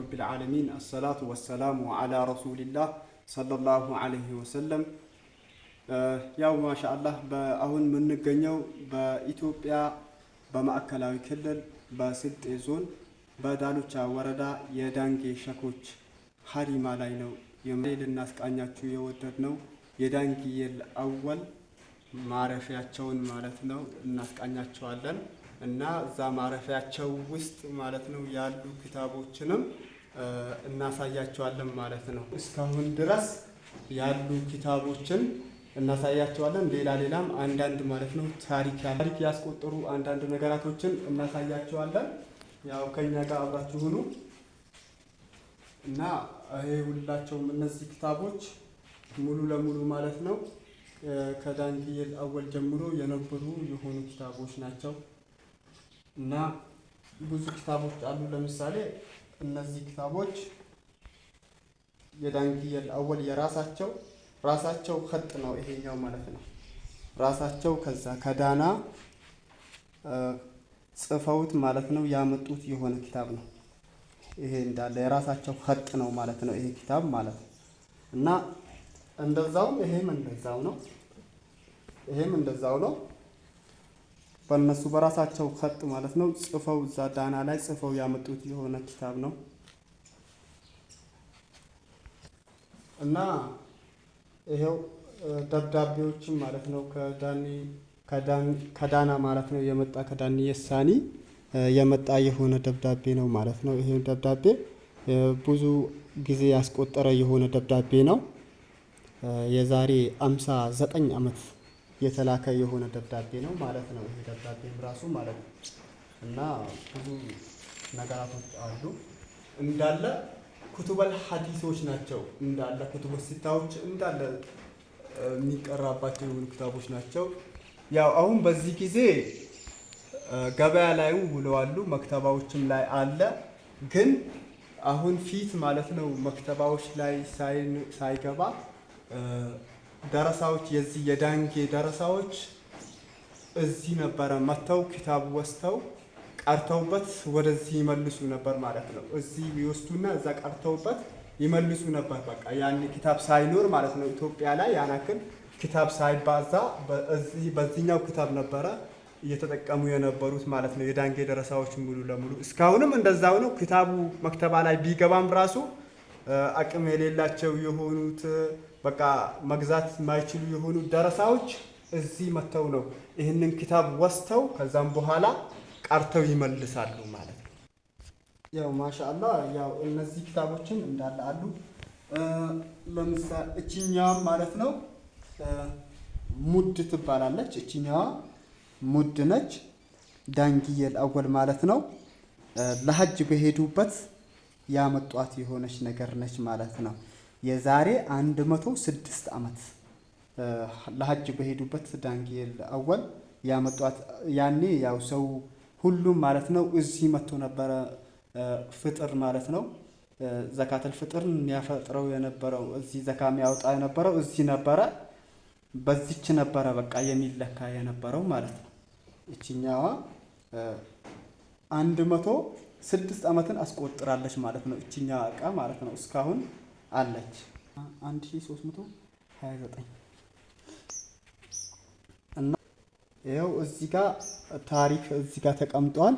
ረቢል ዓለሚን አሰላቱ ወሰላሙ አላ ረሱሊላህ ሰለላሁ አለይሂ ወሰለም። ያው ማሻአላህ አሁን የምንገኘው በኢትዮጵያ በማዕከላዊ ክልል በስልጤ ዞን በዳሎቻ ወረዳ የዳንጌ ሸኮች ሀሪማ ላይ ነው ልናስቃኛችሁ የወደድ ነው የዳንጊየል አወል ማረፊያቸውን ማለት ነው እናስቃኛቸዋለን እና እዛ ማረፊያቸው ውስጥ ማለት ነው ያሉ ክታቦችንም እናሳያቸዋለን ማለት ነው። እስካሁን ድረስ ያሉ ኪታቦችን እናሳያቸዋለን። ሌላ ሌላም አንዳንድ ማለት ነው ታሪክ ታሪክ ያስቆጠሩ አንዳንድ ነገራቶችን እናሳያቸዋለን። ያው ከኛ ጋር አብራችሁ ሁኑ እና ይሄ ሁላቸውም እነዚህ ኪታቦች ሙሉ ለሙሉ ማለት ነው ከዳንኪል አወል ጀምሮ የነበሩ የሆኑ ኪታቦች ናቸው እና ብዙ ኪታቦች አሉ። ለምሳሌ እነዚህ ክታቦች የዳንግየል አወል የራሳቸው ራሳቸው ከጥ ነው ይሄኛው ማለት ነው። ራሳቸው ከዛ ከዳና ጽፈውት ማለት ነው ያመጡት የሆነ ኪታብ ነው። ይሄ እንዳለ የራሳቸው ከጥ ነው ማለት ነው ይሄ ኪታብ ማለት ነው። እና እንደዛውም ይሄም እንደዛው ነው። ይሄም እንደዛው ነው። በእነሱ በራሳቸው ከጥ ማለት ነው ጽፈው እዛ ዳና ላይ ጽፈው ያመጡት የሆነ ኪታብ ነው እና ይሄው ደብዳቤዎችም ማለት ነው ከዳኒ ከዳና ማለት ነው የመጣ ከዳኒ የሳኒ የመጣ የሆነ ደብዳቤ ነው ማለት ነው። ይሄ ደብዳቤ ብዙ ጊዜ ያስቆጠረ የሆነ ደብዳቤ ነው። የዛሬ አምሳ ዘጠኝ አመት። የተላከ የሆነ ደብዳቤ ነው ማለት ነው። ይሄ ደብዳቤም ራሱ ማለት ነው እና ብዙ ነገራቶች አሉ እንዳለ ኩቱበል ሀዲሶች ናቸው እንዳለ ኩቱበ ሲታዎች እንዳለ የሚቀራባቸው የሆኑ ክታቦች ናቸው። ያው አሁን በዚህ ጊዜ ገበያ ላይም ውለዋሉ መክተባዎችም ላይ አለ። ግን አሁን ፊት ማለት ነው መክተባዎች ላይ ሳይገባ ደረሳዎች የዚህ የዳንጌ ደረሳዎች እዚህ ነበረ መጥተው ኪታቡ ወስተው ቀርተውበት ወደዚህ ይመልሱ ነበር ማለት ነው። እዚህ ይወስዱና እዛ ቀርተውበት ይመልሱ ነበር። በቃ ያን ኪታብ ሳይኖር ማለት ነው ኢትዮጵያ ላይ ያናክል ኪታብ ሳይባዛ በዚህኛው ኪታብ ነበረ እየተጠቀሙ የነበሩት ማለት ነው። የዳንጌ ደረሳዎች ሙሉ ለሙሉ እስካሁንም እንደዛው ነው። ኪታቡ መክተባ ላይ ቢገባም ራሱ አቅም የሌላቸው የሆኑት በቃ መግዛት የማይችሉ የሆኑ ደረሳዎች እዚህ መጥተው ነው ይህንን ኪታብ ወስተው ከዛም በኋላ ቀርተው ይመልሳሉ ማለት ነው። ያው ማሻአላ ያው እነዚህ ኪታቦችን እንዳለ አሉ። ለምሳሌ እችኛዋም ማለት ነው ሙድ ትባላለች። እችኛዋ ሙድ ነች። ዳንግየል አወል ማለት ነው። ለሀጅ በሄዱበት ያመጧት የሆነች ነገር ነች ማለት ነው። የዛሬ 106 ዓመት ለሀጅ በሄዱበት ዳንኤል አወል ያመጧት። ያኔ ያው ሰው ሁሉም ማለት ነው እዚህ መጥቶ ነበረ ፍጥር ማለት ነው ዘካተል ፍጥር የሚያፈጥረው የነበረው እዚህ ዘካ የሚያወጣ የነበረው እዚህ ነበረ፣ በዚች ነበረ በቃ የሚለካ የነበረው ማለት ነው። እችኛዋ አንድ መቶ ስድስት ዓመትን አስቆጥራለች ማለት ነው። እችኛ እቃ ማለት ነው እስካሁን አለች። 1329 እና ይኸው እዚህ ጋር ታሪክ እዚህ ጋር ተቀምጧል።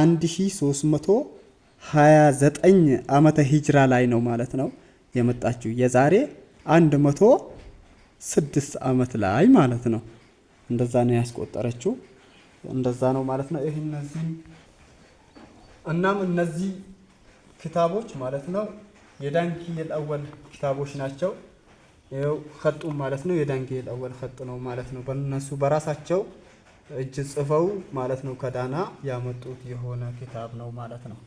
1329 ዓመተ ሂጅራ ላይ ነው ማለት ነው የመጣችው የዛሬ 106 ዓመት ላይ ማለት ነው። እንደዛ ነው ያስቆጠረችው። እንደዛ ነው ማለት ነው። ይህ እነዚህ እናም እነዚህ ክታቦች ማለት ነው የዳንኪል አወል ኪታቦች ናቸው። ይኸው ከጡም ማለት ነው። የዳንኪል አወል ከጥ ነው ማለት ነው። በነሱ በራሳቸው እጅ ጽፈው ማለት ነው ከዳና ያመጡት የሆነ ኪታብ ነው ማለት ነው።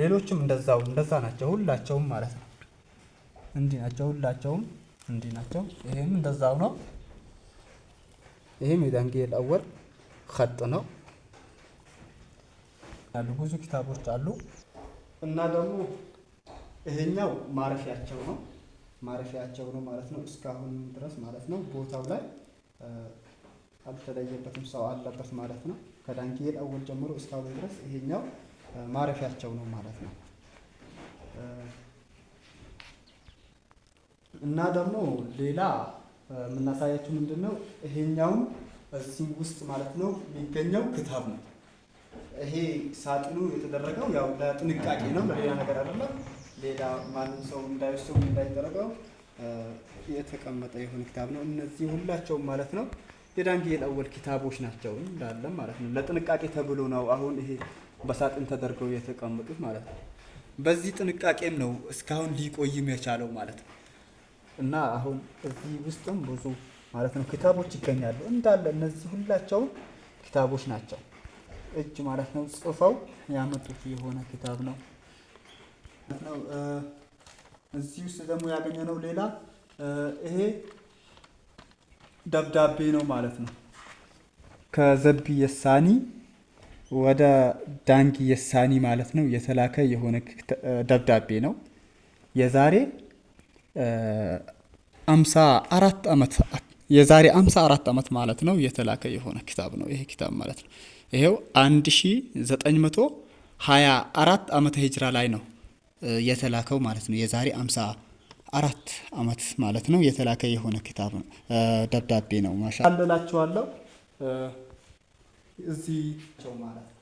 ሌሎችም እንደዛው እንደዛ ናቸው ሁላቸውም ማለት ነው። እንዲህ ናቸው ሁላቸውም እንዲህ ናቸው። ይሄም እንደዛው ነው። ይሄም የዳንኪል አወል ከጥ ነው ያሉ ብዙ ኪታቦች አሉ እና ደግሞ ይሄኛው ማረፊያቸው ነው ማረፊያቸው ነው ማለት ነው። እስካሁን ድረስ ማለት ነው ቦታው ላይ አልተለየበትም፣ ሰው አለበት ማለት ነው። ከዳንኪል አወል ጀምሮ እስካሁን ድረስ ይሄኛው ማረፊያቸው ነው ማለት ነው። እና ደግሞ ሌላ የምናሳያችሁ ምንድን ነው ይሄኛውም እዚህ ውስጥ ማለት ነው የሚገኘው ክታብ ነው። ይሄ ሳጥኑ የተደረገው ያው ለጥንቃቄ ነው፣ ለሌላ ነገር አይደለም። ሌላ ማንም ሰው እንዳይወስደው እንዳይደረገው የተቀመጠ የሆነ ኪታብ ነው። እነዚህ ሁላቸውም ማለት ነው የዳንጌል አወል ኪታቦች ናቸው እንዳለ ማለት ነው። ለጥንቃቄ ተብሎ ነው አሁን ይሄ በሳጥን ተደርገው የተቀመጡት ማለት ነው። በዚህ ጥንቃቄም ነው እስካሁን ሊቆይም የቻለው ማለት ነው። እና አሁን እዚህ ውስጥም ብዙ ማለት ነው ኪታቦች ይገኛሉ እንዳለ እነዚህ ሁላቸውም ኪታቦች ናቸው። እጅ ማለት ነው ጽፈው ያመጡት የሆነ ኪታብ ነው። ነው። እዚህ ውስጥ ደግሞ ያገኘ ነው ሌላ ይሄ ደብዳቤ ነው ማለት ነው። ከዘቢ የሳኒ ወደ ዳንጊ የሳኒ ማለት ነው የተላከ የሆነ ደብዳቤ ነው። የዛሬ አምሳ አራት ዓመት የዛሬ አምሳ አራት ዓመት ማለት ነው የተላከ የሆነ ኪታብ ነው ይሄ ኪታብ ማለት ነው። ይሄው አንድ ሺ ዘጠኝ መቶ ሀያ አራት ዓመተ ሂጅራ ላይ ነው የተላከው ማለት ነው። የዛሬ አምሳ አራት አመት ማለት ነው የተላከ የሆነ ኪታብ ነው፣ ደብዳቤ ነው። ማሻ አለላችኋለሁ እዚህ ማለት ነው።